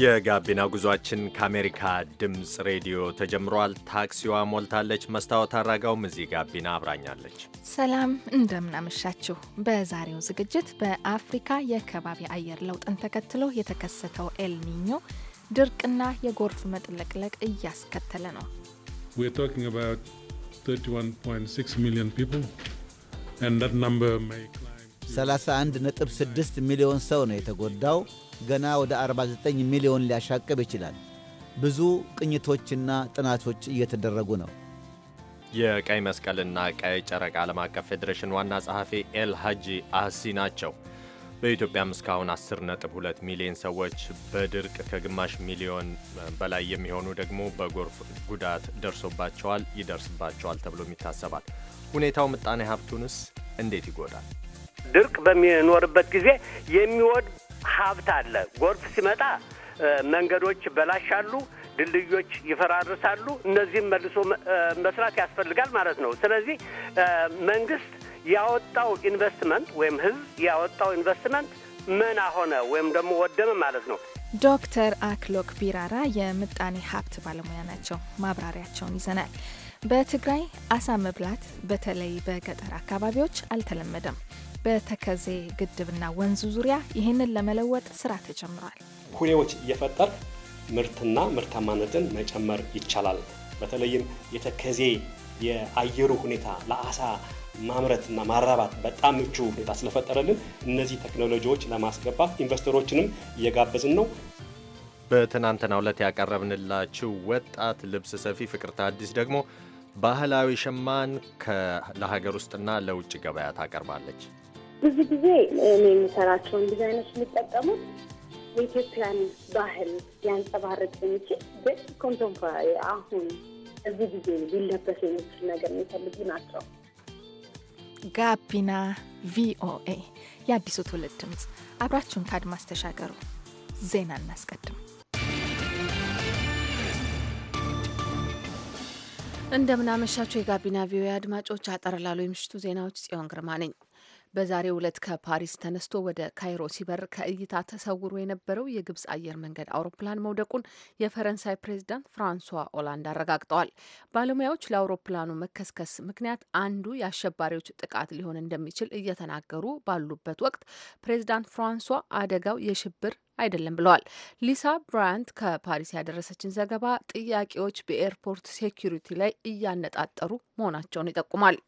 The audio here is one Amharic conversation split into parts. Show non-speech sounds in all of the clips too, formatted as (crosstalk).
የጋቢና ጉዟችን ከአሜሪካ ድምፅ ሬዲዮ ተጀምሯል። ታክሲዋ ሞልታለች። መስታወት አራጋውም እዚህ ጋቢና አብራኛለች። ሰላም እንደምናመሻችሁ። በዛሬው ዝግጅት በአፍሪካ የከባቢ አየር ለውጥን ተከትሎ የተከሰተው ኤልኒኞ ድርቅና የጎርፍ መጥለቅለቅ እያስከተለ ነው። ሰላሳ አንድ ነጥብ ስድስት ሚሊዮን ሰው ነው የተጎዳው። ገና ወደ 49 ሚሊዮን ሊያሻቅብ ይችላል። ብዙ ቅኝቶችና ጥናቶች እየተደረጉ ነው። የቀይ መስቀልና ቀይ ጨረቃ ዓለም አቀፍ ፌዴሬሽን ዋና ጸሐፊ ኤል ሀጂ አሲ ናቸው። በኢትዮጵያም እስካሁን 10.2 ሚሊዮን ሰዎች በድርቅ ከግማሽ ሚሊዮን በላይ የሚሆኑ ደግሞ በጎርፍ ጉዳት ደርሶባቸዋል፣ ይደርስባቸዋል ተብሎም ይታሰባል። ሁኔታው ምጣኔ ሀብቱንስ እንዴት ይጎዳል? ድርቅ በሚኖርበት ጊዜ የሚወድ ሀብት አለ። ጎርፍ ሲመጣ መንገዶች በላሻሉ፣ ድልድዮች ይፈራርሳሉ። እነዚህም መልሶ መስራት ያስፈልጋል ማለት ነው። ስለዚህ መንግስት ያወጣው ኢንቨስትመንት ወይም ህዝብ ያወጣው ኢንቨስትመንት መና ሆነ ወይም ደግሞ ወደመ ማለት ነው። ዶክተር አክሎክ ቢራራ የምጣኔ ሀብት ባለሙያ ናቸው። ማብራሪያቸውን ይዘናል። በትግራይ አሳ መብላት በተለይ በገጠር አካባቢዎች አልተለመደም። በተከዜ ግድብና ወንዝ ዙሪያ ይህንን ለመለወጥ ስራ ተጀምሯል። ሁኔዎች እየፈጠር ምርትና ምርታማነትን መጨመር ይቻላል። በተለይም የተከዜ የአየሩ ሁኔታ ለአሳ ማምረትና ማራባት በጣም ምቹ ሁኔታ ስለፈጠረልን እነዚህ ቴክኖሎጂዎች ለማስገባት ኢንቨስተሮችንም እየጋበዝን ነው። በትናንትናው ዕለት ያቀረብንላችሁ ወጣት ልብስ ሰፊ ፍቅርተ አዲስ ደግሞ ባህላዊ ሸማን ለሀገር ውስጥና ለውጭ ገበያ ታቀርባለች። ብዙ ጊዜ እኔ የምሰራቸውን ዲዛይኖች የሚጠቀሙት የኢትዮጵያን ባህል ሊያንጸባርቅ የሚችል ግን ኮንቴምፖራሪ አሁን እዚህ ጊዜ ሊለበስ የሚችል ነገር የሚፈልጉ ናቸው። ጋቢና ቪኦኤ የአዲሱ ትውልድ ድምፅ፣ አብራችሁን ከአድማስ ተሻገሩ። ዜና እናስቀድም። እንደምናመሻቸው የጋቢና ቪኦኤ አድማጮች፣ አጠር ላሉ የምሽቱ ዜናዎች ጽዮን ግርማ ነኝ። በዛሬ ዕለት ከፓሪስ ተነስቶ ወደ ካይሮ ሲበር ከእይታ ተሰውሮ የነበረው የግብጽ አየር መንገድ አውሮፕላን መውደቁን የፈረንሳይ ፕሬዚዳንት ፍራንሷ ኦላንድ አረጋግጠዋል። ባለሙያዎች ለአውሮፕላኑ መከስከስ ምክንያት አንዱ የአሸባሪዎች ጥቃት ሊሆን እንደሚችል እየተናገሩ ባሉበት ወቅት ፕሬዚዳንት ፍራንሷ አደጋው የሽብር አይደለም ብለዋል። ሊሳ ብራያንት ከፓሪስ ያደረሰችን ዘገባ ጥያቄዎች በኤርፖርት ሴኩሪቲ ላይ እያነጣጠሩ መሆናቸውን ይጠቁማል።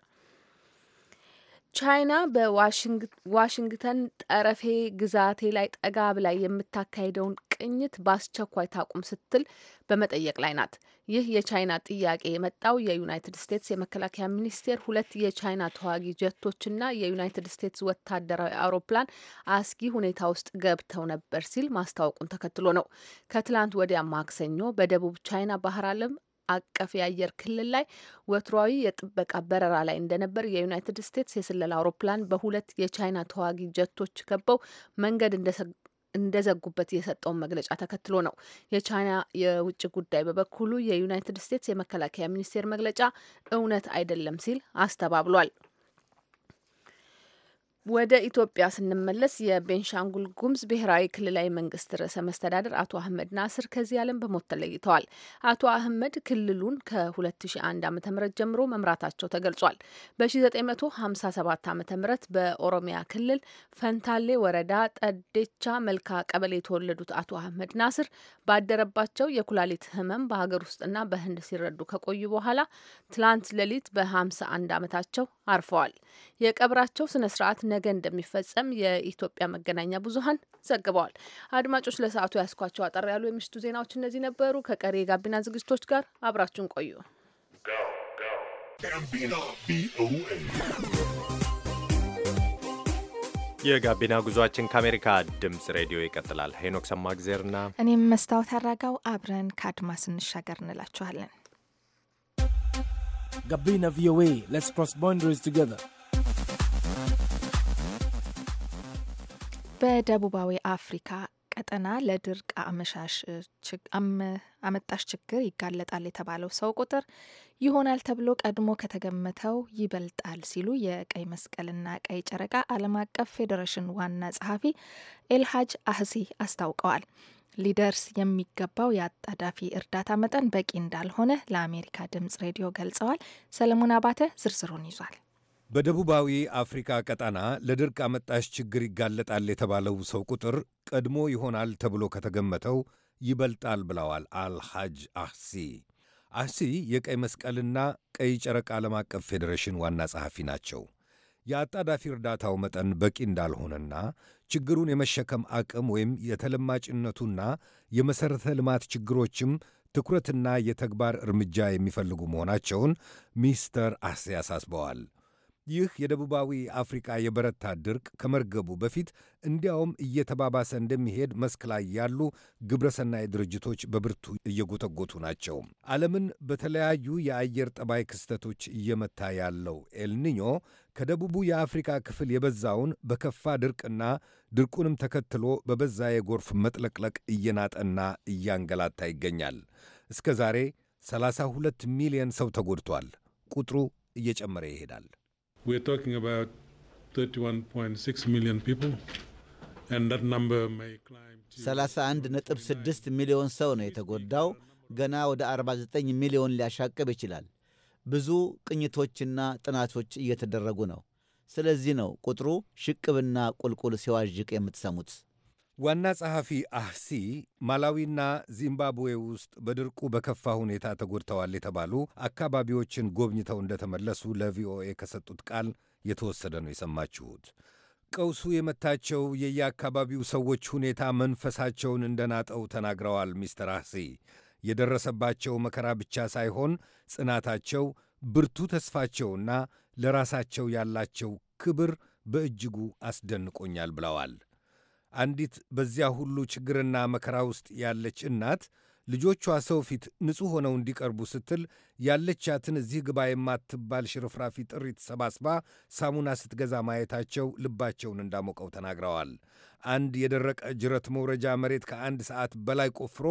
ቻይና በዋሽንግተን ጠረፌ ግዛቴ ላይ ጠጋ ብላ የምታካሄደውን ቅኝት በአስቸኳይ ታቁም ስትል በመጠየቅ ላይ ናት። ይህ የቻይና ጥያቄ የመጣው የዩናይትድ ስቴትስ የመከላከያ ሚኒስቴር ሁለት የቻይና ተዋጊ ጀቶችና የዩናይትድ ስቴትስ ወታደራዊ አውሮፕላን አስጊ ሁኔታ ውስጥ ገብተው ነበር ሲል ማስታወቁን ተከትሎ ነው። ከትላንት ወዲያ ማክሰኞ በደቡብ ቻይና ባህር ዓለም አቀፍ የአየር ክልል ላይ ወትሯዊ የጥበቃ በረራ ላይ እንደነበር የዩናይትድ ስቴትስ የስለላ አውሮፕላን በሁለት የቻይና ተዋጊ ጀቶች ከበው መንገድ እንደዘጉበት የሰጠውን መግለጫ ተከትሎ ነው። የቻይና የውጭ ጉዳይ በበኩሉ የዩናይትድ ስቴትስ የመከላከያ ሚኒስቴር መግለጫ እውነት አይደለም ሲል አስተባብሏል። ወደ ኢትዮጵያ ስንመለስ የቤንሻንጉል ጉሙዝ ብሔራዊ ክልላዊ መንግስት ርዕሰ መስተዳደር አቶ አህመድ ናስር ከዚህ ዓለም በሞት ተለይተዋል። አቶ አህመድ ክልሉን ከ2001 ዓ ም ጀምሮ መምራታቸው ተገልጿል። በ1957 ዓ ም በኦሮሚያ ክልል ፈንታሌ ወረዳ ጠዴቻ መልካ ቀበሌ የተወለዱት አቶ አህመድ ናስር ባደረባቸው የኩላሊት ህመም በሀገር ውስጥና በህንድ ሲረዱ ከቆዩ በኋላ ትላንት ሌሊት በ51 ዓመታቸው አርፈዋል። የቀብራቸው ስነስርዓት ነገ እንደሚፈጸም የኢትዮጵያ መገናኛ ብዙኃን ዘግበዋል። አድማጮች ለሰዓቱ ያስኳቸው አጠር ያሉ የምሽቱ ዜናዎች እነዚህ ነበሩ። ከቀሪ የጋቢና ዝግጅቶች ጋር አብራችሁን ቆዩ። የጋቢና ጉዟችን ከአሜሪካ ድምጽ ሬዲዮ ይቀጥላል። ሄኖክ ሰማግዜርና እኔም መስታወት አራጋው አብረን ከአድማስ እንሻገር እንላችኋለን። ጋቢና ቪኦኤ ሌትስ ክሮስ ቦንደሪስ ቱጌዘር በደቡባዊ አፍሪካ ቀጠና ለድርቅ አመጣሽ ችግር ይጋለጣል የተባለው ሰው ቁጥር ይሆናል ተብሎ ቀድሞ ከተገመተው ይበልጣል ሲሉ የቀይ መስቀልና ቀይ ጨረቃ ዓለም አቀፍ ፌዴሬሽን ዋና ጸሐፊ ኤልሃጅ አህሲ አስታውቀዋል። ሊደርስ የሚገባው የአጣዳፊ እርዳታ መጠን በቂ እንዳልሆነ ለአሜሪካ ድምጽ ሬዲዮ ገልጸዋል። ሰለሞን አባተ ዝርዝሩን ይዟል። በደቡባዊ አፍሪካ ቀጠና ለድርቅ አመጣሽ ችግር ይጋለጣል የተባለው ሰው ቁጥር ቀድሞ ይሆናል ተብሎ ከተገመተው ይበልጣል ብለዋል አልሐጅ አህሲ። አህሲ የቀይ መስቀልና ቀይ ጨረቃ ዓለም አቀፍ ፌዴሬሽን ዋና ጸሐፊ ናቸው። የአጣዳፊ እርዳታው መጠን በቂ እንዳልሆነና ችግሩን የመሸከም አቅም ወይም የተለማጭነቱና የመሠረተ ልማት ችግሮችም ትኩረትና የተግባር እርምጃ የሚፈልጉ መሆናቸውን ሚስተር አህሲ አሳስበዋል። ይህ የደቡባዊ አፍሪቃ የበረታ ድርቅ ከመርገቡ በፊት እንዲያውም እየተባባሰ እንደሚሄድ መስክ ላይ ያሉ ግብረሰናይ ድርጅቶች በብርቱ እየጎተጎቱ ናቸው። ዓለምን በተለያዩ የአየር ጠባይ ክስተቶች እየመታ ያለው ኤልኒኞ ከደቡቡ የአፍሪካ ክፍል የበዛውን በከፋ ድርቅና ድርቁንም ተከትሎ በበዛ የጎርፍ መጥለቅለቅ እየናጠና እያንገላታ ይገኛል። እስከ ዛሬ 32 ሚሊዮን ሰው ተጎድቷል። ቁጥሩ እየጨመረ ይሄዳል። We're talking about 31.6 million people. 31.6 ሚሊዮን ሰው ነው የተጎዳው። ገና ወደ 49 ሚሊዮን ሊያሻቅብ ይችላል። ብዙ ቅኝቶችና ጥናቶች እየተደረጉ ነው። ስለዚህ ነው ቁጥሩ ሽቅብና ቁልቁል ሲዋዥቅ የምትሰሙት። ዋና ጸሐፊ አህሲ ማላዊና ዚምባብዌ ውስጥ በድርቁ በከፋ ሁኔታ ተጎድተዋል የተባሉ አካባቢዎችን ጎብኝተው እንደተመለሱ ለቪኦኤ ከሰጡት ቃል የተወሰደ ነው የሰማችሁት። ቀውሱ የመታቸው የየአካባቢው ሰዎች ሁኔታ መንፈሳቸውን እንደናጠው ተናግረዋል። ሚስተር አህሲ የደረሰባቸው መከራ ብቻ ሳይሆን ጽናታቸው፣ ብርቱ ተስፋቸውና ለራሳቸው ያላቸው ክብር በእጅጉ አስደንቆኛል ብለዋል። አንዲት በዚያ ሁሉ ችግርና መከራ ውስጥ ያለች እናት ልጆቿ ሰው ፊት ንጹሕ ሆነው እንዲቀርቡ ስትል ያለቻትን እዚህ ግባ የማትባል ሽርፍራፊ ጥሪት ሰባስባ ሳሙና ስትገዛ ማየታቸው ልባቸውን እንዳሞቀው ተናግረዋል። አንድ የደረቀ ጅረት መውረጃ መሬት ከአንድ ሰዓት በላይ ቆፍሮ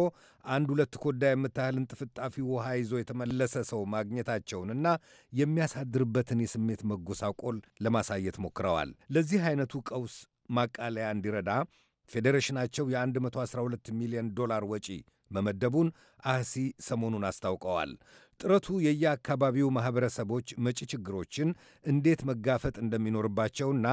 አንድ ሁለት ኮዳ የምታህል እንጥፍጣፊ ውሃ ይዞ የተመለሰ ሰው ማግኘታቸውንና የሚያሳድርበትን የስሜት መጎሳቆል ለማሳየት ሞክረዋል። ለዚህ አይነቱ ቀውስ ማቃለያ እንዲረዳ ፌዴሬሽናቸው የ112 ሚሊዮን ዶላር ወጪ መመደቡን አህሲ ሰሞኑን አስታውቀዋል። ጥረቱ የየአካባቢው ማኅበረሰቦች መጪ ችግሮችን እንዴት መጋፈጥ እንደሚኖርባቸውና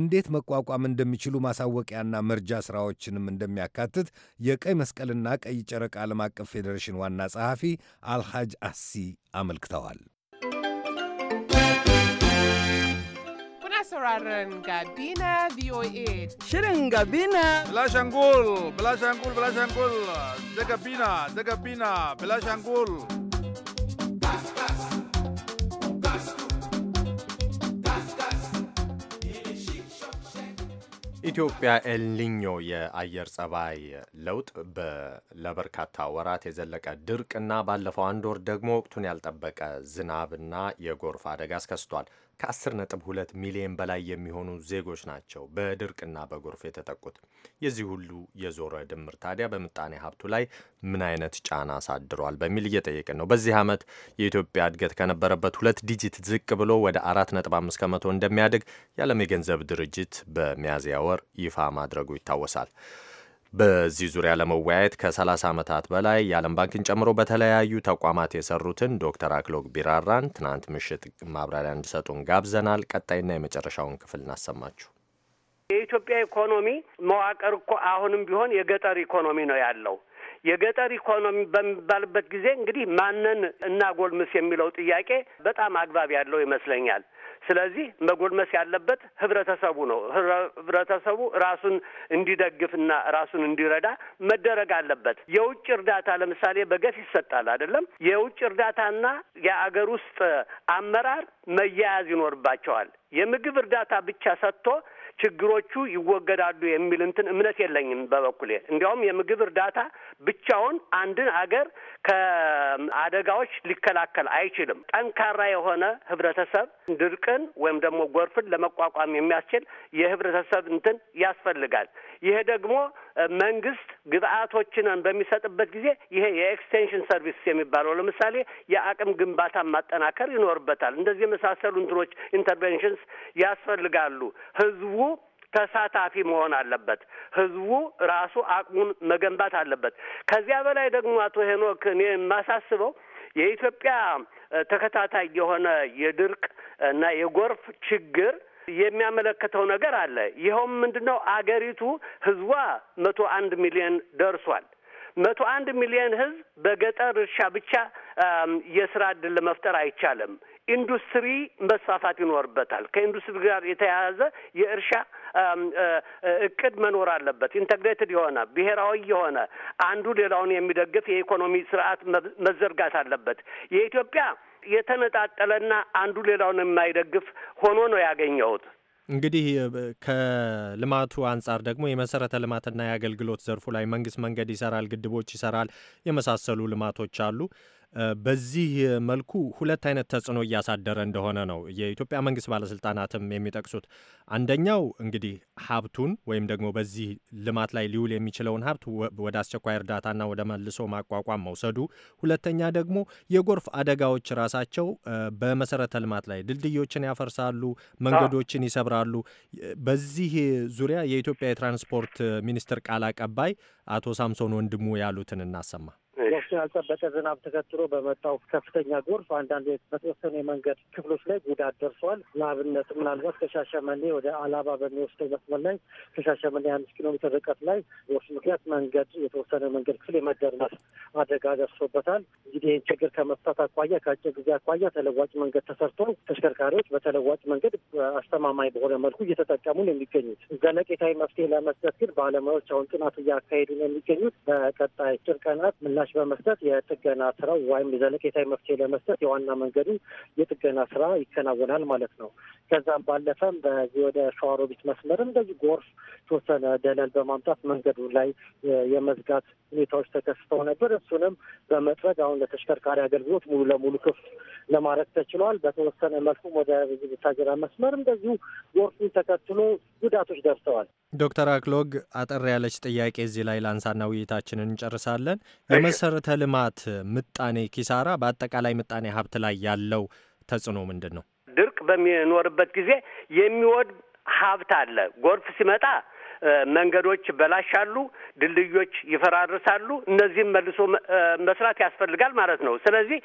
እንዴት መቋቋም እንደሚችሉ ማሳወቂያና መርጃ ሥራዎችንም እንደሚያካትት የቀይ መስቀልና ቀይ ጨረቃ ዓለም አቀፍ ፌዴሬሽን ዋና ጸሐፊ አልሃጅ አህሲ አመልክተዋል። sauraron Gabina VOA. Shirin Gabina. Bilashangul, Bilashangul, Bilashangul, da Gabina, da Gabina, Bilashangul. ኢትዮጵያ ኤልኒኞ የአየር ጸባይ ለውጥ ለበርካታ ወራት የዘለቀ ድርቅና ባለፈው አንድ ወር ደግሞ ወቅቱን ያልጠበቀ ዝናብና የጎርፍ አደጋ አስከስቷል። ከ10.2 ሚሊዮን በላይ የሚሆኑ ዜጎች ናቸው በድርቅና በጎርፍ የተጠቁት። የዚህ ሁሉ የዞረ ድምር ታዲያ በምጣኔ ሀብቱ ላይ ምን አይነት ጫና አሳድሯል በሚል እየጠየቅን ነው። በዚህ ዓመት የኢትዮጵያ እድገት ከነበረበት ሁለት ዲጂት ዝቅ ብሎ ወደ 4.5 ከመቶ እንደሚያድግ የዓለም የገንዘብ ድርጅት በሚያዝያ ወር ይፋ ማድረጉ ይታወሳል። በዚህ ዙሪያ ለመወያየት ከ30 ዓመታት በላይ የዓለም ባንክን ጨምሮ በተለያዩ ተቋማት የሰሩትን ዶክተር አክሎግ ቢራራን ትናንት ምሽት ማብራሪያ እንዲሰጡን ጋብዘናል። ቀጣይና የመጨረሻውን ክፍል እናሰማችሁ። የኢትዮጵያ ኢኮኖሚ መዋቅር እኮ አሁንም ቢሆን የገጠር ኢኮኖሚ ነው ያለው። የገጠር ኢኮኖሚ በሚባልበት ጊዜ እንግዲህ ማንን እናጎልምስ የሚለው ጥያቄ በጣም አግባብ ያለው ይመስለኛል። ስለዚህ መጎልመስ ያለበት ህብረተሰቡ ነው። ህብረተሰቡ ራሱን እንዲደግፍና ራሱን እንዲረዳ መደረግ አለበት። የውጭ እርዳታ ለምሳሌ በገፍ ይሰጣል አይደለም። የውጭ እርዳታና የአገር ውስጥ አመራር መያያዝ ይኖርባቸዋል። የምግብ እርዳታ ብቻ ሰጥቶ ችግሮቹ ይወገዳሉ የሚል እንትን እምነት የለኝም በበኩሌ። እንዲያውም የምግብ እርዳታ ብቻውን አንድን አገር ከአደጋዎች ሊከላከል አይችልም። ጠንካራ የሆነ ህብረተሰብ ድርቅን ወይም ደግሞ ጎርፍን ለመቋቋም የሚያስችል የህብረተሰብ እንትን ያስፈልጋል። ይሄ ደግሞ መንግስት ግብአቶችን በሚሰጥበት ጊዜ ይሄ የኤክስቴንሽን ሰርቪስ የሚባለው ለምሳሌ የአቅም ግንባታ ማጠናከር ይኖርበታል። እንደዚህ የመሳሰሉ እንትኖች ኢንተርቬንሽንስ ያስፈልጋሉ። ህዝቡ ተሳታፊ መሆን አለበት። ህዝቡ ራሱ አቅሙን መገንባት አለበት። ከዚያ በላይ ደግሞ አቶ ሄኖክ እኔ የማሳስበው የኢትዮጵያ ተከታታይ የሆነ የድርቅ እና የጎርፍ ችግር የሚያመለክተው ነገር አለ። ይኸውም ምንድን ነው? አገሪቱ ህዝቧ መቶ አንድ ሚሊዮን ደርሷል። መቶ አንድ ሚሊዮን ህዝብ በገጠር እርሻ ብቻ የስራ እድል ለመፍጠር አይቻልም። ኢንዱስትሪ መስፋፋት ይኖርበታል። ከኢንዱስትሪ ጋር የተያያዘ የእርሻ እቅድ መኖር አለበት። ኢንተግሬትድ የሆነ ብሔራዊ የሆነ አንዱ ሌላውን የሚደግፍ የኢኮኖሚ ስርዓት መዘርጋት አለበት። የኢትዮጵያ የተነጣጠለና አንዱ ሌላውን የማይደግፍ ሆኖ ነው ያገኘሁት። እንግዲህ ከልማቱ አንጻር ደግሞ የመሰረተ ልማትና የአገልግሎት ዘርፉ ላይ መንግስት መንገድ ይሰራል፣ ግድቦች ይሰራል፣ የመሳሰሉ ልማቶች አሉ። በዚህ መልኩ ሁለት አይነት ተጽዕኖ እያሳደረ እንደሆነ ነው የኢትዮጵያ መንግስት ባለስልጣናትም የሚጠቅሱት። አንደኛው እንግዲህ ሀብቱን ወይም ደግሞ በዚህ ልማት ላይ ሊውል የሚችለውን ሀብት ወደ አስቸኳይ እርዳታና ወደ መልሶ ማቋቋም መውሰዱ፣ ሁለተኛ ደግሞ የጎርፍ አደጋዎች ራሳቸው በመሰረተ ልማት ላይ ድልድዮችን ያፈርሳሉ፣ መንገዶችን ይሰብራሉ። በዚህ ዙሪያ የኢትዮጵያ የትራንስፖርት ሚኒስትር ቃል አቀባይ አቶ ሳምሶን ወንድሙ ያሉትን እናሰማ። ወቅቱን ያልጠበቀ ዝናብ ተከትሎ በመጣው ከፍተኛ ጎርፍ አንዳንድ በተወሰኑ የመንገድ ክፍሎች ላይ ጉዳት ደርሰዋል። ለአብነት ምናልባት ከሻሸመኔ ወደ አላባ በሚወስደው መስመር ላይ ከሻሸመኔ አምስት ኪሎ ሜትር ርቀት ላይ ጎርፍ ምክንያት መንገድ የተወሰነ መንገድ ክፍል የመደርመስ አደጋ ደርሶበታል። እንግዲህ ይህን ችግር ከመፍታት አኳያ ከአጭር ጊዜ አኳያ ተለዋጭ መንገድ ተሰርቶ ተሽከርካሪዎች በተለዋጭ መንገድ አስተማማኝ በሆነ መልኩ እየተጠቀሙ ነው የሚገኙት። ዘለቄታዊ መፍትሄ ለመስጠት ግን ባለሙያዎች አሁን ጥናት እያካሄዱ ነው የሚገኙት። በቀጣይ ጭር ቀናት ምላሽ በመ ለመስጠት የጥገና ስራው ወይም ዘለቄታዊ መፍትሄ ለመስጠት የዋና መንገዱ የጥገና ስራ ይከናወናል ማለት ነው። ከዛም ባለፈም በዚህ ወደ ሸዋሮቢት መስመር እንደዚህ ጎርፍ የተወሰነ ደለል በማምጣት መንገዱ ላይ የመዝጋት ሁኔታዎች ተከስተው ነበር። እሱንም በመጥረግ አሁን ለተሽከርካሪ አገልግሎት ሙሉ ለሙሉ ክፍት ለማድረግ ተችሏል። በተወሰነ መልኩም ወደ ታጀራ መስመር እንደዚሁ ጎርፉን ተከትሎ ጉዳቶች ደርሰዋል። ዶክተር አክሎግ አጠር ያለች ጥያቄ እዚህ ላይ ላንሳና ውይይታችንን እንጨርሳለን። የመሰረተ ልማት ምጣኔ ኪሳራ በአጠቃላይ ምጣኔ ሀብት ላይ ያለው ተጽዕኖ ምንድን ነው? ድርቅ በሚኖርበት ጊዜ የሚወድ ሀብት አለ። ጎርፍ ሲመጣ መንገዶች በላሻሉ ድልድዮች ይፈራርሳሉ። እነዚህም መልሶ መስራት ያስፈልጋል ማለት ነው። ስለዚህ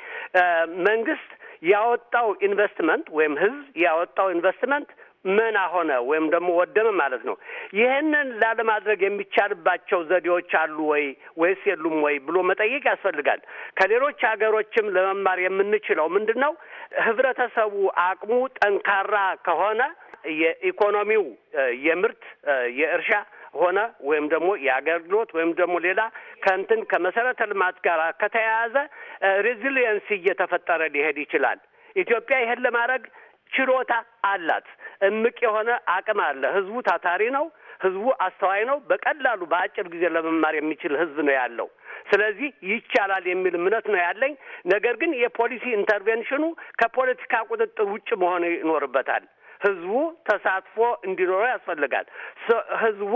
መንግስት ያወጣው ኢንቨስትመንት ወይም ህዝብ ያወጣው ኢንቨስትመንት መና ሆነ ወይም ደግሞ ወደመ ማለት ነው። ይህንን ላለማድረግ የሚቻልባቸው ዘዴዎች አሉ ወይ ወይስ የሉም ወይ ብሎ መጠየቅ ያስፈልጋል። ከሌሎች ሀገሮችም ለመማር የምንችለው ምንድን ነው? ህብረተሰቡ አቅሙ ጠንካራ ከሆነ የኢኮኖሚው የምርት የእርሻ ሆነ ወይም ደግሞ የአገልግሎት ወይም ደግሞ ሌላ ከእንትን ከመሰረተ ልማት ጋር ከተያያዘ ሬዚሊየንስ እየተፈጠረ ሊሄድ ይችላል። ኢትዮጵያ ይሄን ለማድረግ ችሎታ አላት። እምቅ የሆነ አቅም አለ። ህዝቡ ታታሪ ነው። ህዝቡ አስተዋይ ነው። በቀላሉ በአጭር ጊዜ ለመማር የሚችል ህዝብ ነው ያለው። ስለዚህ ይቻላል የሚል እምነት ነው ያለኝ። ነገር ግን የፖሊሲ ኢንተርቬንሽኑ ከፖለቲካ ቁጥጥር ውጭ መሆን ይኖርበታል። ህዝቡ ተሳትፎ እንዲኖረው ያስፈልጋል። ህዝቡ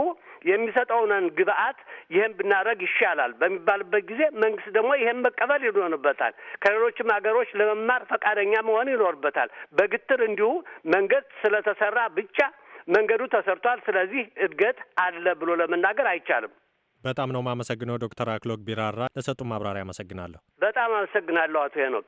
የሚሰጠውንን ግብአት ይህን ብናደረግ ይሻላል በሚባልበት ጊዜ መንግስት ደግሞ ይህን መቀበል ይኖርበታል። ከሌሎችም ሀገሮች ለመማር ፈቃደኛ መሆን ይኖርበታል። በግትር እንዲሁ መንገድ ስለተሰራ ብቻ መንገዱ ተሰርቷል፣ ስለዚህ እድገት አለ ብሎ ለመናገር አይቻልም። በጣም ነው የማመሰግነው ዶክተር አክሎግ ቢራራ ለሰጡ ማብራሪያ አመሰግናለሁ። በጣም አመሰግናለሁ አቶ ሄኖክ።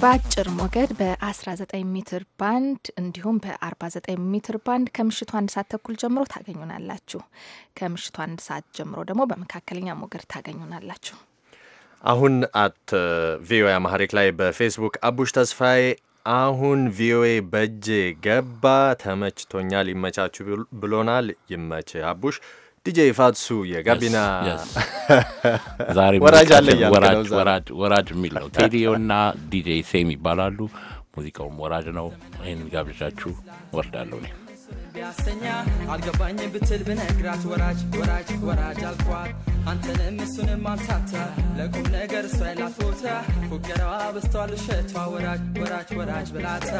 በአጭር ሞገድ በ19 ሜትር ባንድ እንዲሁም በ49 ሜትር ባንድ ከምሽቱ አንድ ሰዓት ተኩል ጀምሮ ታገኙናላችሁ። ከምሽቱ አንድ ሰዓት ጀምሮ ደግሞ በመካከለኛ ሞገድ ታገኙናላችሁ። አሁን አት ቪኦኤ አማሪክ ላይ በፌስቡክ አቡሽ ተስፋዬ አሁን ቪኦኤ በእጄ ገባ ተመችቶኛል፣ ይመቻችሁ ብሎናል። ይመች አቡሽ ዲጄ ፋትሱ የጋቢና (laughs) ዛሬ ወራጅ አለ ወራጅ የሚል ነው። (laughs) ቴዲዮ እና ዲጄ ሴም ይባላሉ። ሙዚቃውም ወራጅ ነው። ይህን ጋብዣችሁ ወርዳለሁ እኔ ቢያሰኛ አልገባኝ ብትል ብነግራት ወራጅ ወራጅ ወራጅ አልኳት። አንተንም እሱንም አምታታ ለቁም ነገር እሷ ያላት ቦታ ፉገራዋ በስተዋል ሸቷ ወራጅ ወራጅ ወራጅ ብላታ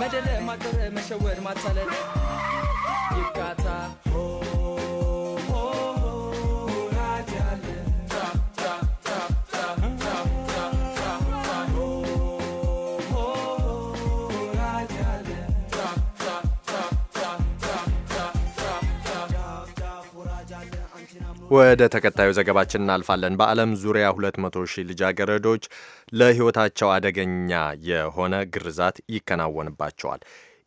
መደለ ማደረ መሸወድ ማታለል ይብቃት ወደ ተከታዩ ዘገባችን እናልፋለን። በዓለም ዙሪያ 200 ሺህ ልጃገረዶች ለሕይወታቸው አደገኛ የሆነ ግርዛት ይከናወንባቸዋል።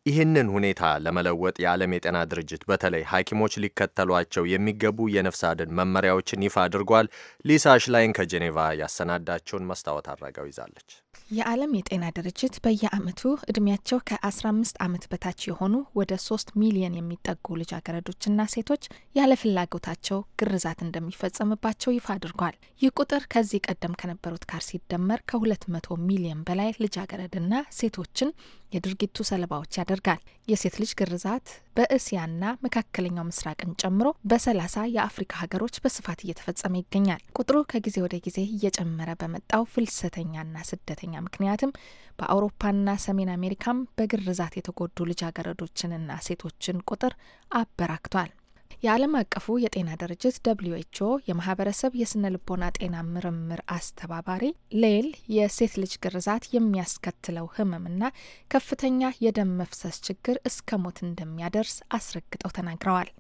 ይህንን ሁኔታ ለመለወጥ የዓለም የጤና ድርጅት በተለይ ሐኪሞች ሊከተሏቸው የሚገቡ የነፍስ አድን መመሪያዎችን ይፋ አድርጓል። ሊሳ ሽላይን ከጄኔቫ ያሰናዳቸውን መስታወት አድራጋው ይዛለች። የዓለም የጤና ድርጅት በየዓመቱ እድሜያቸው ከ15 ዓመት በታች የሆኑ ወደ 3 ሚሊዮን የሚጠጉ ልጃገረዶችና ሴቶች ያለ ፍላጎታቸው ግርዛት እንደሚፈጸምባቸው ይፋ አድርጓል። ይህ ቁጥር ከዚህ ቀደም ከነበሩት ጋር ሲደመር ከ200 ሚሊዮን በላይ ልጃገረድና ሴቶችን የድርጊቱ ሰለባዎች ያደርጋል። የሴት ልጅ ግርዛት በእስያና መካከለኛው ምስራቅን ጨምሮ በሰላሳ የአፍሪካ ሀገሮች በስፋት እየተፈጸመ ይገኛል። ቁጥሩ ከጊዜ ወደ ጊዜ እየጨመረ በመጣው ፍልሰተኛና ስደተኛ ምክንያትም በአውሮፓና ሰሜን አሜሪካም በግርዛት የተጎዱ ልጃገረዶችንና ሴቶችን ቁጥር አበራክቷል። የዓለም አቀፉ የጤና ድርጅት ደብሊዩ ኤችኦ የማህበረሰብ የስነ ልቦና ጤና ምርምር አስተባባሪ ሌል የሴት ልጅ ግርዛት የሚያስከትለው ህመምና ከፍተኛ የደም መፍሰስ ችግር እስከ ሞት እንደሚያደርስ አስረግጠው ተናግረዋል።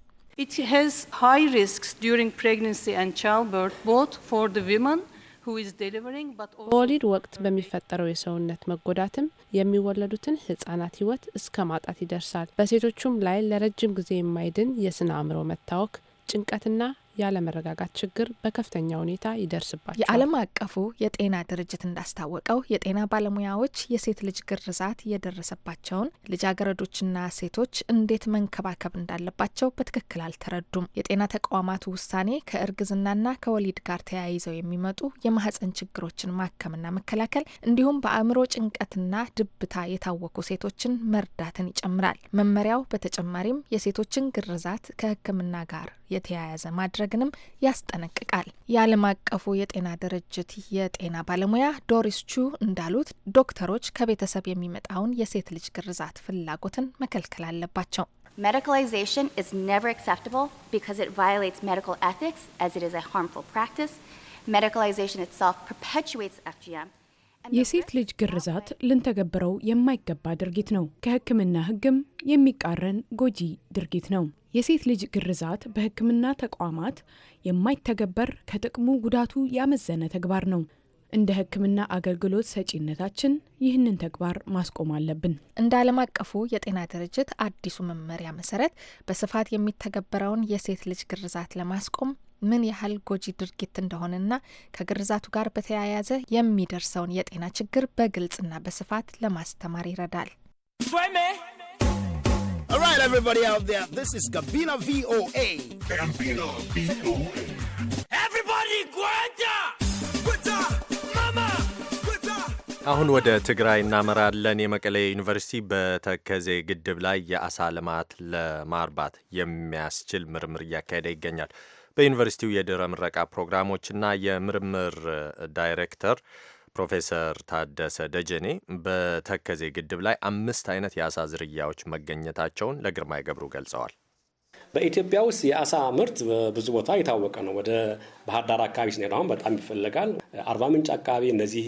It has high risks during pregnancy and childbirth both for the women በወሊድ ወቅት በሚፈጠረው የሰውነት መጎዳትም የሚወለዱትን ህጻናት ህይወት እስከ ማጣት ይደርሳል። በሴቶቹም ላይ ለረጅም ጊዜ የማይድን የስነ አእምሮ መታወክ፣ ጭንቀትና ያለመረጋጋት ችግር በከፍተኛ ሁኔታ ይደርስባቸዋል። የዓለም አቀፉ የጤና ድርጅት እንዳስታወቀው የጤና ባለሙያዎች የሴት ልጅ ግርዛት የደረሰባቸውን ልጃገረዶችና ሴቶች እንዴት መንከባከብ እንዳለባቸው በትክክል አልተረዱም። የጤና ተቋማቱ ውሳኔ ከእርግዝናና ከወሊድ ጋር ተያይዘው የሚመጡ የማህፀን ችግሮችን ማከምና መከላከል እንዲሁም በአእምሮ ጭንቀትና ድብታ የታወቁ ሴቶችን መርዳትን ይጨምራል። መመሪያው በተጨማሪም የሴቶችን ግርዛት ከሕክምና ጋር የተያያዘ ማድረግንም ያስጠነቅቃል። የዓለም አቀፉ የጤና ድርጅት የጤና ባለሙያ ዶሪስ ቹ እንዳሉት ዶክተሮች ከቤተሰብ የሚመጣውን የሴት ልጅ ግርዛት ፍላጎትን መከልከል አለባቸው። Medicalization is never acceptable because it violates medical ethics as it is a harmful practice. Medicalization itself perpetuates FGM. የሴት ልጅ ግርዛት ልንተገብረው የማይገባ ድርጊት ነው። ከሕክምና ሕግም የሚቃረን ጎጂ ድርጊት ነው። የሴት ልጅ ግርዛት በሕክምና ተቋማት የማይተገበር ከጥቅሙ ጉዳቱ ያመዘነ ተግባር ነው። እንደ ሕክምና አገልግሎት ሰጪነታችን ይህንን ተግባር ማስቆም አለብን። እንደ ዓለም አቀፉ የጤና ድርጅት አዲሱ መመሪያ መሰረት በስፋት የሚተገበረውን የሴት ልጅ ግርዛት ለማስቆም ምን ያህል ጎጂ ድርጊት እንደሆነና ከግርዛቱ ጋር በተያያዘ የሚደርሰውን የጤና ችግር በግልጽና በስፋት ለማስተማር ይረዳል። All right, everybody out there, this is Gabina VOA. Gabina VOA. Everybody, Guanta! Guanta! Mama! አሁን ወደ ትግራይ እናመራለን። የመቀሌ ዩኒቨርሲቲ በተከዜ ግድብ ላይ የአሳ ልማት ለማርባት የሚያስችል ምርምር እያካሄደ ይገኛል። በዩኒቨርሲቲው የድረ ምረቃ ፕሮግራሞችና የምርምር ዳይሬክተር ፕሮፌሰር ታደሰ ደጀኔ በተከዜ ግድብ ላይ አምስት አይነት የአሳ ዝርያዎች መገኘታቸውን ለግርማይ ገብሩ ገልጸዋል። በኢትዮጵያ ውስጥ የአሳ ምርት ብዙ ቦታ የታወቀ ነው። ወደ ባህር ዳር አካባቢ ስንሄድ አሁን በጣም ይፈለጋል። አርባ ምንጭ አካባቢ እነዚህ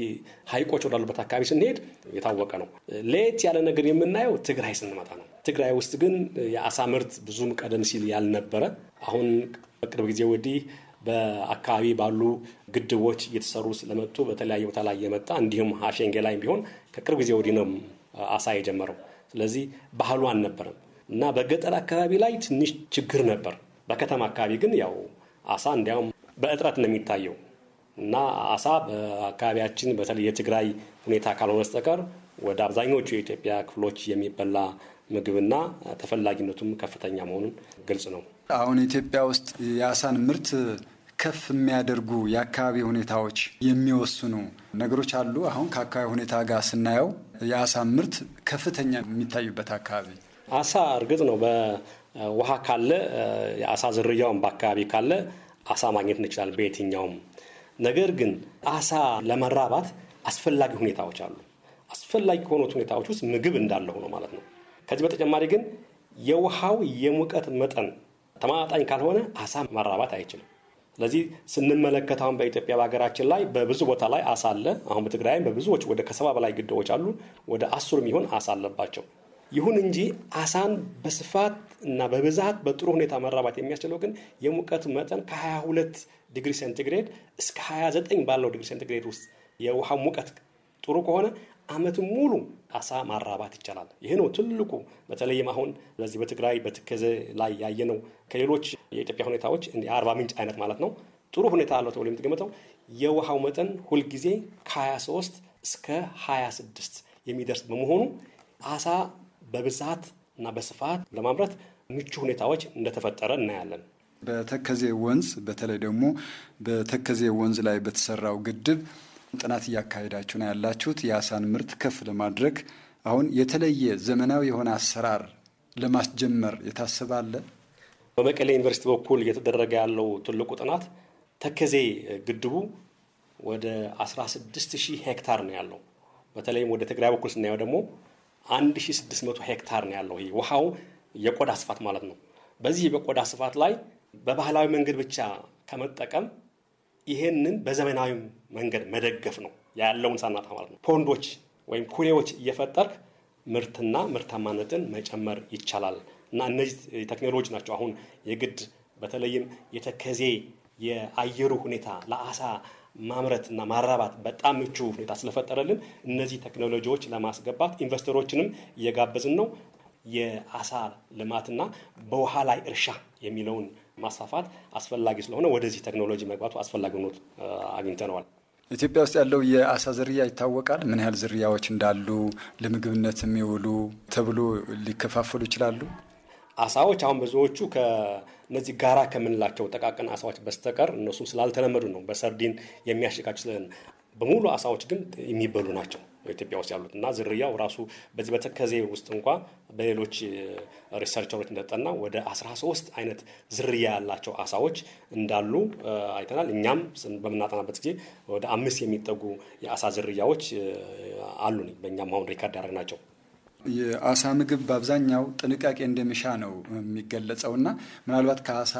ሀይቆች ወዳሉበት አካባቢ ስንሄድ የታወቀ ነው። ለየት ያለ ነገር የምናየው ትግራይ ስንመጣ ነው። ትግራይ ውስጥ ግን የአሳ ምርት ብዙም ቀደም ሲል ያልነበረ አሁን በቅርብ ጊዜ ወዲህ በአካባቢ ባሉ ግድቦች እየተሰሩ ስለመጡ በተለያየ ቦታ ላይ የመጣ እንዲሁም ሀሸንጌ ላይም ቢሆን ከቅርብ ጊዜ ወዲህ ነው አሳ የጀመረው። ስለዚህ ባህሉ አልነበረም እና በገጠር አካባቢ ላይ ትንሽ ችግር ነበር። በከተማ አካባቢ ግን ያው አሳ እንዲያውም በእጥረት ነው የሚታየው እና አሳ በአካባቢያችን በተለይ የትግራይ ሁኔታ ካልሆነ በስተቀር ወደ አብዛኞቹ የኢትዮጵያ ክፍሎች የሚበላ ምግብና ተፈላጊነቱም ከፍተኛ መሆኑን ግልጽ ነው። አሁን ኢትዮጵያ ውስጥ የአሳን ምርት ከፍ የሚያደርጉ የአካባቢ ሁኔታዎች የሚወስኑ ነገሮች አሉ። አሁን ከአካባቢ ሁኔታ ጋር ስናየው የአሳ ምርት ከፍተኛ የሚታዩበት አካባቢ አሳ እርግጥ ነው በውሃ ካለ የአሳ ዝርያውን በአካባቢ ካለ አሳ ማግኘት እንችላለን በየትኛውም። ነገር ግን አሳ ለመራባት አስፈላጊ ሁኔታዎች አሉ። አስፈላጊ ከሆኑት ሁኔታዎች ውስጥ ምግብ እንዳለ ሆኖ ማለት ነው። ከዚህ በተጨማሪ ግን የውሃው የሙቀት መጠን ተማጣኝ ካልሆነ አሳ መራባት አይችልም። ስለዚህ ስንመለከት አሁን በኢትዮጵያ በሀገራችን ላይ በብዙ ቦታ ላይ አሳ አለ። አሁን በትግራይም በብዙዎች ወደ ከሰባ በላይ ግድቦች አሉ። ወደ አስሩ የሚሆን አሳ አለባቸው። ይሁን እንጂ አሳን በስፋት እና በብዛት በጥሩ ሁኔታ መራባት የሚያስችለው ግን የሙቀት መጠን ከ22 ዲግሪ ሴንቲግሬድ እስከ 29 ባለው ዲግሪ ሴንቲግሬድ ውስጥ የውሃ ሙቀት ጥሩ ከሆነ አመት ሙሉ አሳ ማራባት ይቻላል። ይህ ነው ትልቁ። በተለይም አሁን በዚህ በትግራይ በተከዜ ላይ ያየነው ከሌሎች የኢትዮጵያ ሁኔታዎች የአርባ ምንጭ አይነት ማለት ነው ጥሩ ሁኔታ አለው ተብሎ የምትገምተው የውሃው መጠን ሁልጊዜ ከ23 እስከ 26 የሚደርስ በመሆኑ አሳ በብዛት እና በስፋት ለማምረት ምቹ ሁኔታዎች እንደተፈጠረ እናያለን። በተከዜ ወንዝ በተለይ ደግሞ በተከዜ ወንዝ ላይ በተሰራው ግድብ ጥናት እያካሄዳችሁ ነው ያላችሁት የአሳን ምርት ከፍ ለማድረግ አሁን የተለየ ዘመናዊ የሆነ አሰራር ለማስጀመር የታሰበ አለ? በመቀሌ ዩኒቨርሲቲ በኩል እየተደረገ ያለው ትልቁ ጥናት ተከዜ ግድቡ ወደ 16 ሺህ ሄክታር ነው ያለው። በተለይም ወደ ትግራይ በኩል ስናየው ደግሞ 1600 ሄክታር ነው ያለው። ውሃው የቆዳ ስፋት ማለት ነው። በዚህ በቆዳ ስፋት ላይ በባህላዊ መንገድ ብቻ ከመጠቀም ይሄንን በዘመናዊ መንገድ መደገፍ ነው ያለውን ሳናጣ ማለት ነው። ፖንዶች ወይም ኩሬዎች እየፈጠርክ ምርትና ምርታማነትን መጨመር ይቻላል እና እነዚህ ቴክኖሎጂ ናቸው አሁን የግድ በተለይም የተከዜ የአየሩ ሁኔታ ለአሳ ማምረት እና ማራባት በጣም ምቹ ሁኔታ ስለፈጠረልን እነዚህ ቴክኖሎጂዎች ለማስገባት ኢንቨስተሮችንም እየጋበዝን ነው። የአሳ ልማትና በውሃ ላይ እርሻ የሚለውን ማስፋፋት አስፈላጊ ስለሆነ ወደዚህ ቴክኖሎጂ መግባቱ አስፈላጊ ሆኖ አግኝተነዋል። ኢትዮጵያ ውስጥ ያለው የአሳ ዝርያ ይታወቃል። ምን ያህል ዝርያዎች እንዳሉ፣ ለምግብነት የሚውሉ ተብሎ ሊከፋፈሉ ይችላሉ። አሳዎች አሁን ብዙዎቹ ከነዚህ ጋራ ከምንላቸው ጠቃቅን አሳዎች በስተቀር እነሱም ስላልተለመዱ ነው። በሰርዲን የሚያሽቃቸው በሙሉ አሳዎች ግን የሚበሉ ናቸው ኢትዮጵያ ውስጥ ያሉት እና ዝርያው ራሱ በዚህ በተከዜ ውስጥ እንኳ በሌሎች ሪሰርቸሮች እንደጠና ወደ 13 አይነት ዝርያ ያላቸው አሳዎች እንዳሉ አይተናል። እኛም በምናጠናበት ጊዜ ወደ አምስት የሚጠጉ የአሳ ዝርያዎች አሉ። በእኛም አሁን ሪካርድ ናቸው። የአሳ ምግብ በአብዛኛው ጥንቃቄ እንደሚሻ ነው የሚገለጸውና ምናልባት ከአሳ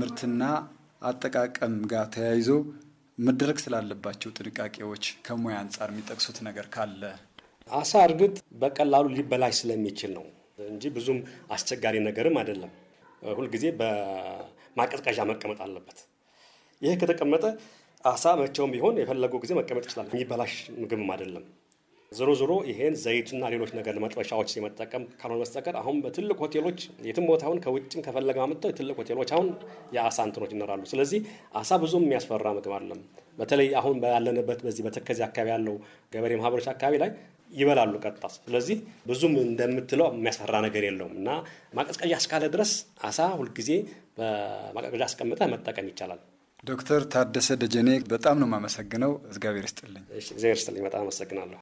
ምርትና አጠቃቀም ጋር ተያይዞ መደረግ ስላለባቸው ጥንቃቄዎች ከሙያ አንጻር የሚጠቅሱት ነገር ካለ? አሳ እርግጥ በቀላሉ ሊበላሽ ስለሚችል ነው እንጂ ብዙም አስቸጋሪ ነገርም አይደለም። ሁልጊዜ በማቀዝቀዣ መቀመጥ አለበት። ይሄ ከተቀመጠ አሳ መቼውም ቢሆን የፈለገው ጊዜ መቀመጥ ይችላል። የሚበላሽ ምግብም አይደለም። ዞሮ ዞሮ ይሄን ዘይቱና ሌሎች ነገር ለመጥበሻዎች የመጠቀም ካልሆነ በስተቀር አሁን በትልቅ ሆቴሎች የትም ቦታውን አሁን ከውጭም ከፈለገ አምጥተው የትልቅ ሆቴሎች አሁን የአሳ እንትኖች ይኖራሉ። ስለዚህ አሳ ብዙም የሚያስፈራ ምግብ አለም። በተለይ አሁን ያለንበት በዚህ በተከዚ አካባቢ ያለው ገበሬ ማህበሮች አካባቢ ላይ ይበላሉ ቀጥታ። ስለዚህ ብዙም እንደምትለው የሚያስፈራ ነገር የለውም እና ማቀዝቀዣ እስካለ ድረስ አሳ ሁልጊዜ በማቀዝቀዣ አስቀምጠህ መጠቀም ይቻላል። ዶክተር ታደሰ ደጀኔ በጣም ነው የማመሰግነው። እግዚአብሔር ይስጥልኝ። እግዚአብሔር ይስጥልኝ። በጣም አመሰግናለሁ።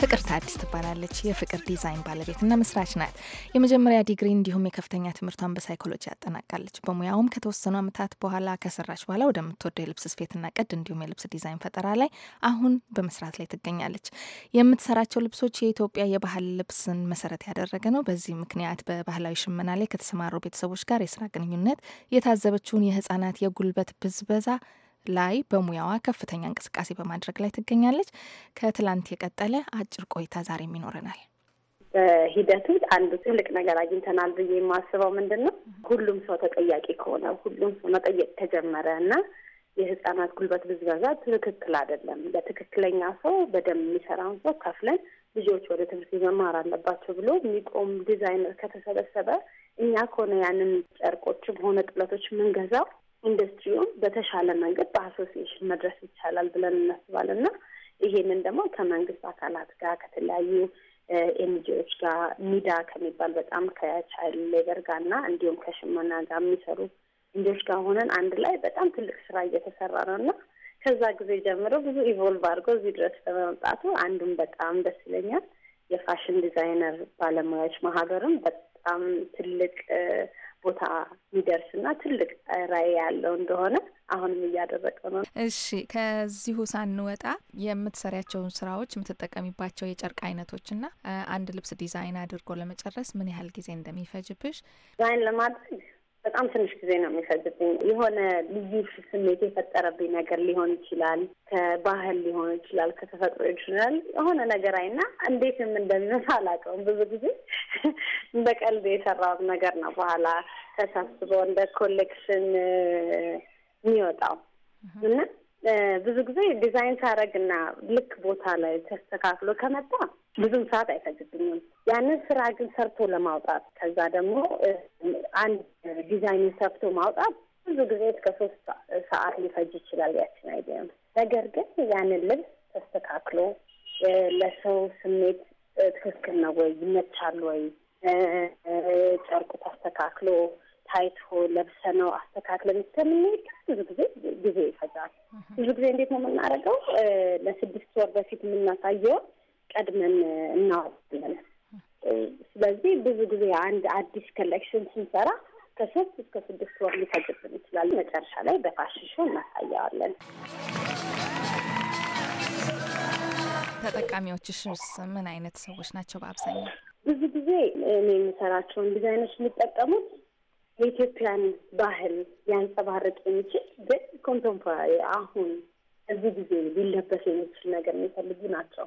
ፍቅር አዲስ ትባላለች። የፍቅር ዲዛይን ባለቤትና መስራች ናት። የመጀመሪያ ዲግሪ እንዲሁም የከፍተኛ ትምህርቷን በሳይኮሎጂ ያጠናቃለች። በሙያውም ከተወሰኑ ዓመታት በኋላ ከሰራች በኋላ ወደምትወደው የልብስ ስፌትና ቀድ እንዲሁም የልብስ ዲዛይን ፈጠራ ላይ አሁን በመስራት ላይ ትገኛለች። የምትሰራቸው ልብሶች የኢትዮጵያ የባህል ልብስን መሰረት ያደረገ ነው። በዚህ ምክንያት በባህላዊ ሽመና ላይ ከተሰማሩ ቤተሰቦች ጋር የስራ ግንኙነት የታዘበችውን የህጻናት የጉልበት ብዝበዛ ላይ በሙያዋ ከፍተኛ እንቅስቃሴ በማድረግ ላይ ትገኛለች። ከትላንት የቀጠለ አጭር ቆይታ ዛሬም ይኖረናል። በሂደቱ አንዱ ትልቅ ነገር አግኝተናል ብዬ የማስበው ምንድን ነው፣ ሁሉም ሰው ተጠያቂ ከሆነ ሁሉም ሰው መጠየቅ ከጀመረ እና የህጻናት ጉልበት ብዝበዛ ትክክል አይደለም፣ ለትክክለኛ ሰው በደንብ የሚሰራውን ሰው ከፍለን ልጆች ወደ ትምህርት መማር አለባቸው ብሎ የሚቆም ዲዛይነር ከተሰበሰበ እኛ ከሆነ ያንን ጨርቆችም ሆነ ጥለቶች ምንገዛው ኢንዱስትሪውን በተሻለ መንገድ በአሶሲዬሽን መድረስ ይቻላል ብለን እናስባለን እና ይሄንን ደግሞ ከመንግስት አካላት ጋር ከተለያዩ ኤንጂዎች ጋር ሚዳ ከሚባል በጣም ከቻይልድ ሌበር ጋር እና እንዲሁም ከሽመና ጋር የሚሰሩ ልጆች ጋር ሆነን አንድ ላይ በጣም ትልቅ ስራ እየተሰራ ነው እና ከዛ ጊዜ ጀምሮ ብዙ ኢቮልቭ አድርጎ እዚህ ድረስ በመምጣቱ አንዱም በጣም ደስ ይለኛል። የፋሽን ዲዛይነር ባለሙያዎች ማህበርም በጣም ትልቅ ቦታ የሚደርስና ትልቅ ራዕይ ያለው እንደሆነ አሁንም እያደረቀ ነው። እሺ፣ ከዚሁ ሳንወጣ የምትሰሪያቸውን ስራዎች የምትጠቀሚባቸው የጨርቅ አይነቶችና አንድ ልብስ ዲዛይን አድርጎ ለመጨረስ ምን ያህል ጊዜ እንደሚፈጅብሽ ዲዛይን ለማድረግ በጣም ትንሽ ጊዜ ነው የሚፈጅብኝ። የሆነ ልዩ ስሜት የፈጠረብኝ ነገር ሊሆን ይችላል፣ ከባህል ሊሆን ይችላል፣ ከተፈጥሮ ይችላል። የሆነ ነገር አይና እንዴትም እንደሚመጣ አላውቀውም። ብዙ ጊዜ እንደ (laughs) ቀልድ የሰራሁት ነገር ነው። በኋላ ተሳስበው እንደ ኮሌክሽን የሚወጣው እና ብዙ ጊዜ ዲዛይን ሳረግ እና ልክ ቦታ ላይ ተስተካክሎ ከመጣ ብዙም ሰዓት አይፈጅብኝም። ያንን ስራ ግን ሰርቶ ለማውጣት ከዛ ደግሞ አንድ ዲዛይንን ሰፍቶ ማውጣት ብዙ ጊዜ እስከ ሶስት ሰዓት ሊፈጅ ይችላል ያችን አይዲያ። ነገር ግን ያንን ልብስ ተስተካክሎ ለሰው ስሜት ትክክል ነው ወይ ይመቻል ወይ ጨርቁ ተስተካክሎ ታይቶ ለብሰ ነው አስተካክለን ከምንሄድ ብዙ ጊዜ ጊዜ ይፈጃል። ብዙ ጊዜ እንዴት ነው የምናደርገው? ለስድስት ወር በፊት የምናሳየውን ቀድመን እናወጣለን። ስለዚህ ብዙ ጊዜ አንድ አዲስ ኮሌክሽን ስንሰራ ከሶስት እስከ ስድስት ወር ሊፈጅብን ይችላል። መጨረሻ ላይ በፋሽሾ እናሳየዋለን። ተጠቃሚዎችስ ምን አይነት ሰዎች ናቸው? በአብዛኛው ብዙ ጊዜ እኔ የምሰራቸውን ዲዛይኖች የሚጠቀሙት የኢትዮጵያን ባህል ሊያንጸባርቅ የሚችል ግን ኮንቴምፖራሪ አሁን እዚህ ጊዜ ሊለበስ የሚችል ነገር የሚፈልጉ ናቸው።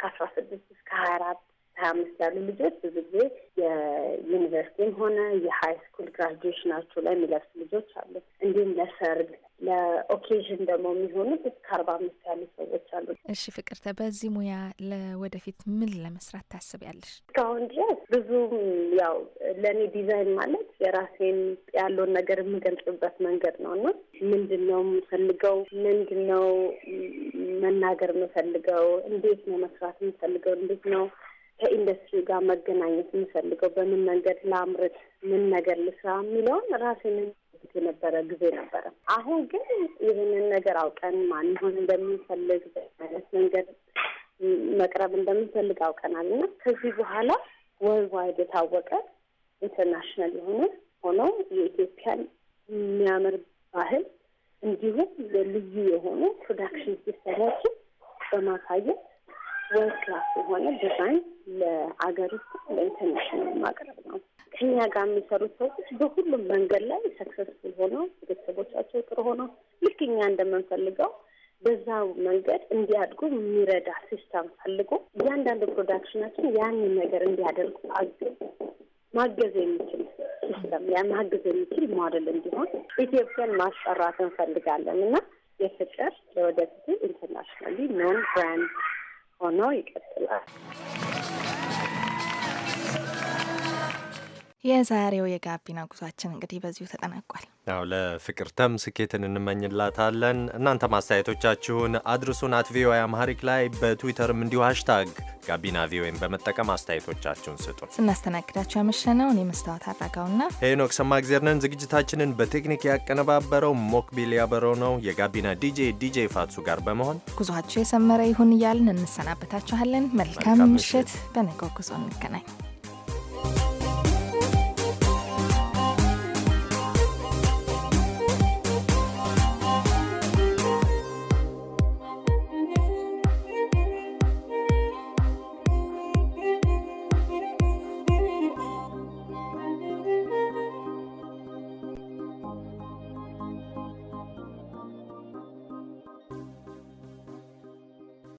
ከአስራ ስድስት እስከ ሀያ አራት ሀያ አምስት ያሉ ልጆች ብዙ ጊዜ የዩኒቨርሲቲም ሆነ የሀይ ስኩል ግራጁዌሽናቸው ላይ የሚለብሱ ልጆች አሉ። እንዲሁም ለሰርግ ለኦኬዥን ደግሞ የሚሆኑት እስከ አርባ አምስት ያሉ ሰዎች አሉ። እሺ ፍቅርተ፣ በዚህ ሙያ ለወደፊት ምን ለመስራት ታስቢያለሽ? እስካሁን ድረስ ብዙ ያው ለእኔ ዲዛይን ማለት የራሴን ያለውን ነገር የምገልጽበት መንገድ ነው እና ምንድን ነው የምፈልገው፣ ምንድን ነው መናገር የምፈልገው፣ እንዴት ነው መስራት የምፈልገው፣ እንዴት ነው ከኢንዱስትሪ ጋር መገናኘት የምፈልገው በምን መንገድ ላምርት፣ ምን ነገር ልስራ የሚለውን ራሴንን የነበረ ጊዜ ነበረ። አሁን ግን ይህንን ነገር አውቀን ማን ሆን እንደምንፈልግ በአይነት መንገድ መቅረብ እንደምንፈልግ አውቀናል እና ከዚህ በኋላ ዋይድ የታወቀ ኢንተርናሽናል የሆነ ሆኖ የኢትዮጵያን የሚያምር ባህል እንዲሁም ልዩ የሆኑ ፕሮዳክሽን ሲስተሞችን በማሳየት ወርልድ ክላስ የሆነ ዲዛይን ለአገር ውስጥ ለኢንተርናሽናል ማቅረብ ነው። ከኛ ጋር የሚሰሩት ሰዎች በሁሉም መንገድ ላይ ሰክሰስፉል ሆነው ቤተሰቦቻቸው ጥሩ ሆነው ልክ እኛ እንደምንፈልገው በዛ መንገድ እንዲያድጉ የሚረዳ ሲስተም ፈልጎ እያንዳንዱ ፕሮዳክሽናችን ያንን ነገር እንዲያደርጉ አግዝ ማገዝ የሚችል ሲስተም ያ ማገዝ የሚችል ሞዴል እንዲሆን ኢትዮጵያን ማስጠራት እንፈልጋለን እና የፍቅር ለወደፊቱ ኢንተርናሽናሊ ኖን ብራንድ a Naik የዛሬው የጋቢና ጉዟችን እንግዲህ በዚሁ ተጠናቋል። ያው ለፍቅርተም ስኬትን እንመኝላታለን። እናንተ ማስተያየቶቻችሁን አድርሱን። አት ቪኦኤ አማሪክ ላይ በትዊተርም እንዲሁ ሃሽታግ ጋቢና ቪኦኤን በመጠቀም አስተያየቶቻችሁን ስጡ። ስናስተናግዳችሁ ያመሸነው እኔ መስታወት አድረጋውና ሄኖክ ሰማ ነን። ዝግጅታችንን በቴክኒክ ያቀነባበረው ሞክቢል ያበረው ነው። የጋቢና ዲጄ ዲጄ ፋትሱ ጋር በመሆን ጉዟችሁ የሰመረ ይሁን እያልን እንሰናበታችኋለን። መልካም ምሽት። በነገው ጉዞ እንገናኝ።